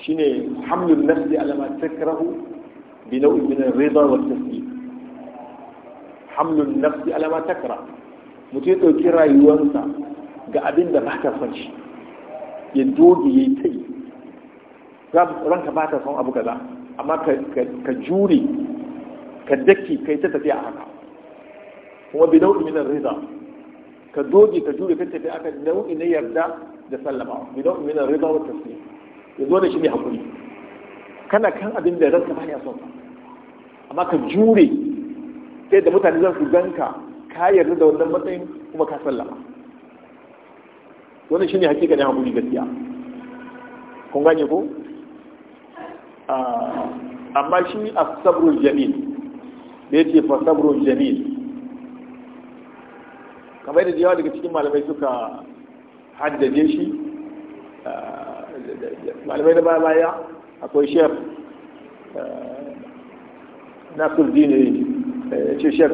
shine hamlul nafsi ala ma takrahu bi naw'in min ar-ridha wa at-taslim hamlun nafsi ala ma takra mutu ya dauki rayuwarsa ga abin da baka ta son shi ya doge yayi tai ranka ba ta son abu kaza amma ka jure ka daki kai ta tafiya haka kuma bi nau'in min ar-ridha ka doge ka jure ka tafi haka. nau'i na yarda da sallama bi nau'in min ar-ridha wa taslim ya zo da shi ne hakuri kana kan abin da ranka ba ya son amma ka jure sai da mutane zan su ganka ka yarda da wannan matsayin kuma ka sallama wannan shine hakika ne haƙuri gaskiya kun gane ko ah, amma shi a sabrul jamil da ce fa sabrul jamil kamar da yawa daga cikin malamai suka haddaje shi malamai da baya baya akwai shef eh, Na kurdi ne eh, ce shef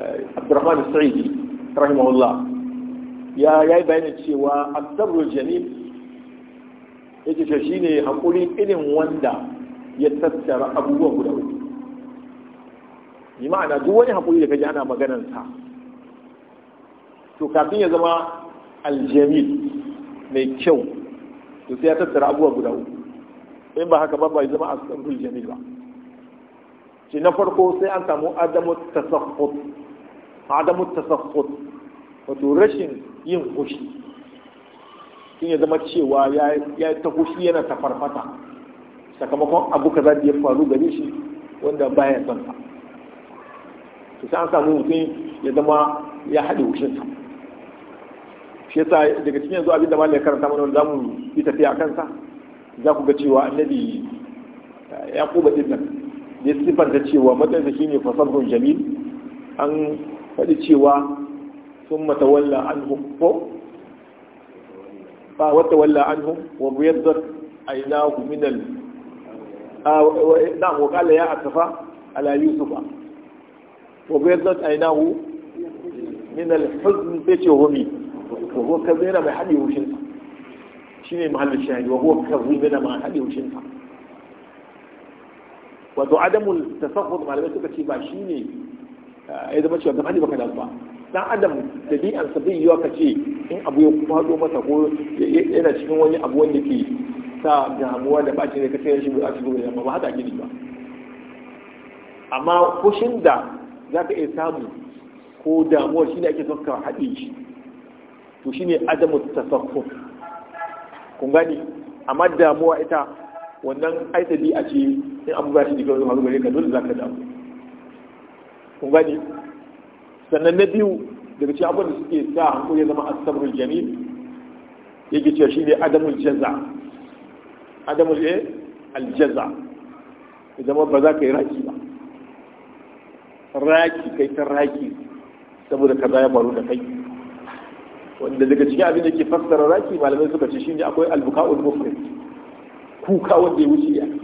eh, abdurrahman sa'idi rahimahullah ya yi bayanin cewa asabru janib ya ce ne hakuri irin wanda ya tattara abubuwan guda uku yi ma'ana duk wani hakuri da kaji ana maganar to kafin ya zama aljamil mai kyau to sai ya tattara abubuwa guda uku in ba haka ba bai zama asbabul jamil ba shi na farko sai an samu adamu tasaffut adamu tasaffut wato rashin yin hushi shi ya zama cewa ya ta hushi yana ta farfata sakamakon abu kaza da ya faru gare shi wanda baya son sa sai an samu mutum ya zama ya haɗe hushinsa shi yasa daga cikin yanzu abin da malai karanta mana za mu yi tafiya a kansa za ku ga cewa annabi eh, ya kuba din nan ya da cewa matsayin shi ne fasabun jamil an faɗi cewa sun matawalla an hukko ba wata walla an hum wa buyaddar aina hu minal ah, na kala ya atafa ala yusufa wa buyaddar aina hu minal huzn ce humi wa huwa kazu yana mai haɗe hushinsa shi ne mahallin shahidi wa huwa kazu yana mai haɗe hushinsa wato ta adamul tasahhud malamai suka ce ba shi ne eh, ya zama cewa gaba ne baka damu ba dan adam dabi'ansa bai yiwa ka ce in abu ya faɗo masa ko yana cikin wani abu wanda ke sa damuwa da bacin da kace shi ba shi ba ba haka gini ba amma kushin da za ka iya samu ko damuwa shi ne ake son ka haɗe shi to shine adamu tasaffuf kun gani amma damuwa ita wannan aitabi a ce in abu ba shi daga wani haru gare ka dole za ka damu kun gani sannan na biyu daga ce abubuwan da suke sa hankali zama a asabrul jamil yake cewa shine Adamu jaza adamul eh aljaza zama ba za ka yi raki ba raki kai ta raki saboda kaza ya faru da kai wanda daga cikin abin da ke fassara raki malamai suka ce shine akwai albuka'ul mufrid kuka wanda ya wuce iyaka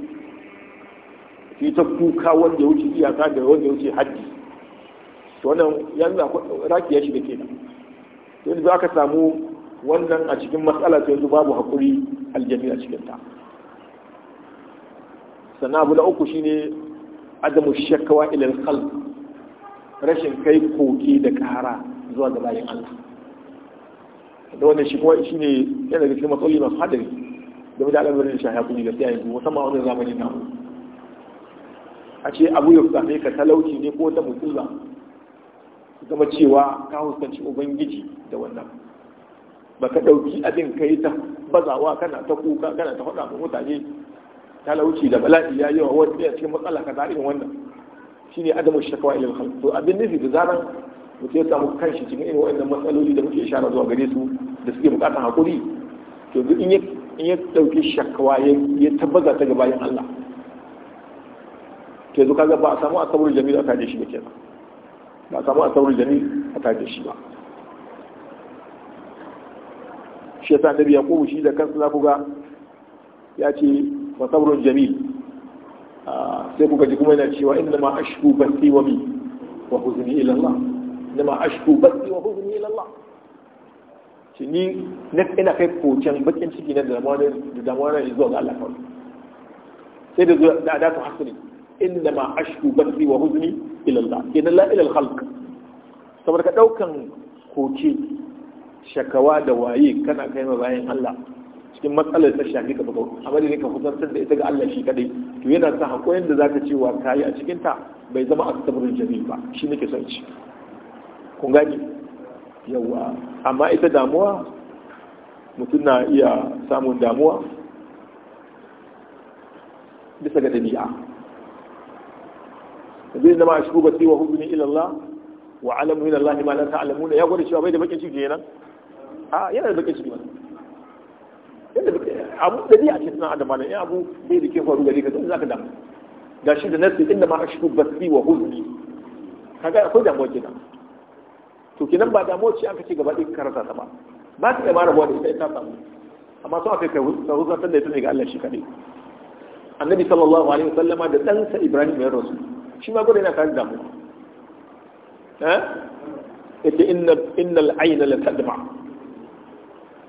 shi ta kuka wanda ya wuce iyaka da wanda ya wuce haddi to wannan yanzu raki ya shiga kenan yanzu aka samu wannan a cikin matsala ta yanzu babu haƙuri aljami a cikin ta sana abu na uku shine adamu shakkawa ilal khalq rashin kai koke da kara zuwa ga bayan Allah da wannan shi kuma shi ne yana da kuma matsaloli masu hadari da wajen al'amarin da shafi kuɗi gaskiya yanzu musamman a wannan zamanin namu a ce abu ya same ka talauci ne ko ta mutulla zama cewa ka huskanci ubangiji da wannan ba ka ɗauki abin ka yi ta bazawa kana ta kuka kana ta faɗa mutane talauci da bala'i ya yawa wani a cikin matsala ka za wannan. Shi ne adamu shakawa ilal khalq to abin nufi da zaran mutum ya samu kanshi cikin irin waɗannan matsaloli da muke shara zuwa gare su da suke bukatan hakuri to in ya in ya dauki shakawa ya tabbaza ta ga bayan Allah to yanzu kaga ba a samu asabul jami'i aka da shi ba kenan ba a samu asabul jami'i aka da shi ba shi yasa nabi yaqubu shi da kansa za ku ga ya ce wa sabrul jamil ah, sai kuka ji kuma yana cewa inda ma ashku basti wa bi wa huzni ila Allah inda ma ashku basti wa huzni ila Allah tuni ni na ina kai kocin bakin ciki na da damuwa na zuwa ga Allah kawai sai da zuwa da adatu hasri inda ma ashku bakri wa huzni ila Allah kenan la ila al-khalq saboda ka daukan koke shakawa da waye kana kai ma bayan Allah cikin matsalar ta shafi ka bako amma dai ka kusantar da ita ga Allah shi kadai to yana sa hakoyin da zaka cewa kayi a cikinta bai zama asabrun jami'i ba shi nake son ci kun gani yawa amma ita damuwa mutum na iya samun damuwa bisa ga ɗabi'a zai zama a shigo basi wa hukumi ilallah wa alamu ilallah ma la ta'lamuna ya gwada cewa bai da bakin ciki kenan a yana da bakin ciki mana yadda abu ɗabi'a ce suna adama ne abu bai da ke faru gari ka zai ka damu gashi da nasi inda ma a shigo basi wa hukumi kaga akwai damuwa kenan to kenan ba damuwa ce aka ce gaba ɗaya ka ta ba ba ta iya marabuwa da ita ta samu amma sun aka kai ka hukuntar da ita ne ga Allah shi kaɗai annabi sallallahu alaihi wasallama da ɗansa ibrahim ya rasu shi ma gudu yana tare da damuwa eh? yace inna innal ayna la tadma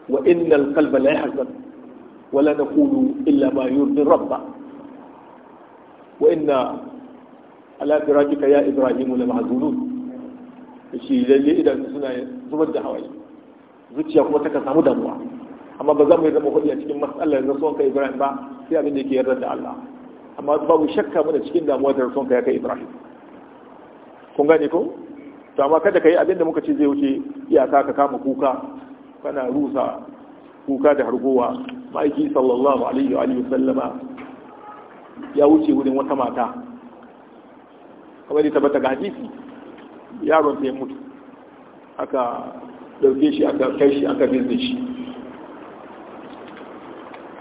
wa innal qalba la yahzan wa la naqulu illa ma yurdi rabba wa inna ala firajika ya ibrahim la mahzunun shi lalle idan suna zubar da hawaye zuciya kuma ta samu damuwa amma ba za mu yi zama hudu a cikin matsalar rasuwan ka ibrahim ba sai abin da yake yarda da allah amma babu shakka da cikin damuwa da rasuwan ka ya kai ibrahim kun gane ko to amma kada ka yi abin da muka ce zai wuce iyaka ka kama kuka kana rusa kuka da hargowa ma'aiki sallallahu alaihi wa sallama ya wuce wurin wata mata kamar da tabbata ga hadisi yaron sai mutu aka dauke shi aka kai shi aka bizne shi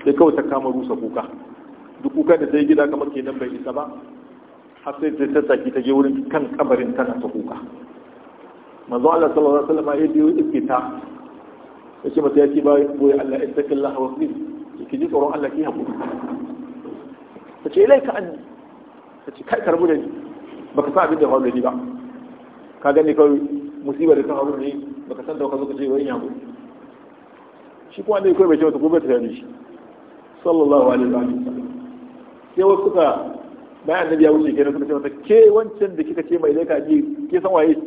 sai kawai ta kama rusa kuka duk kuka da ta yi gida kamar kenan bai isa ba har sai ta tattaki ta je wurin kan kabarin tana ta kuka manzo Allah sallallahu alaihi wasallam ya biyo ta yace mata yace ba boye Allah ittaqillaha wa qim ki ji tsoron Allah ki hakuri tace ilaika anni tace kai karbu da ni baka sa abin da faru da ni ba ka gane kawai musibar da ta haru ne baka san da ka ce wai ya shi kuma dai kawai bai ce wata gobe ta yare shi sallallahu alaihi wa sallam sai wasu suka bayan annabi ya wuce kenan suka ce mata ke wancan da kika ce mai laika ji ke san waye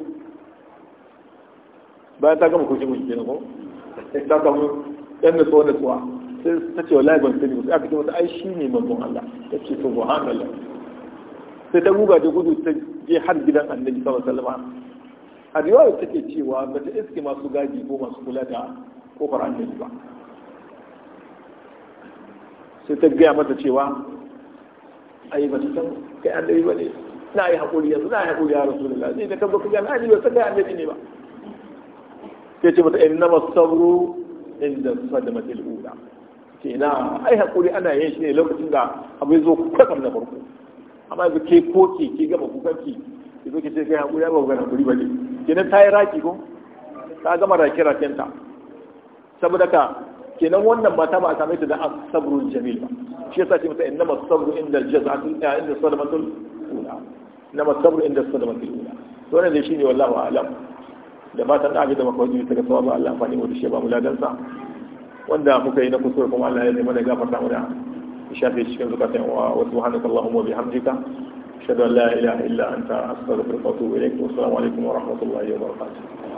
bayan ta gama kuce mun kenan ko ta samu tsohon da nutsuwa sai ta ce wallahi ban sani sai aka ce mata ai shi ne manzon Allah ta ce subhanallah sai ta guga da gudu ta je har gidan annabi sallallahu alaihi a riwaya take cewa ba ta iske masu gadi ko masu kula da kofar annabi ba sai ta gaya mata cewa ayi ba san kai annabi ba ne na yi haƙuri yanzu na yi haƙuri ya rasulullah sai da kabba kuga na ji ba san kai annabi ne ba sai ce mata inna masabru inda sadamatil ula ke na ai haƙuri ana yin shi ne lokacin da abin zo kwatsam na farko amma yanzu ke koke ke gaba kukanki ki ke ce kai haƙuri ya ba ku gana haƙuri ba ne kenan ta yi raki ko ta gama rake rakenta saboda ka kenan wannan mata ba a same ta da asabrul jamil ba shi yasa ce mata innama sabru inda jaz'atul eh, inda sadamatul ula innama sabru inda sadamatul ula to wannan shine wallahi alam da fatan da aka da makwaji ta ga sawaba Allah amfani mu da shi ba mu ladansa wanda muka yi na kusur kuma Allah ya nemi da gafarta mu da shafe cikin zakatan wa subhanakallahumma wa bihamdika أشهد أن لا إله إلا أنت أستغفرك وأتوب إليك والسلام عليكم ورحمة الله وبركاته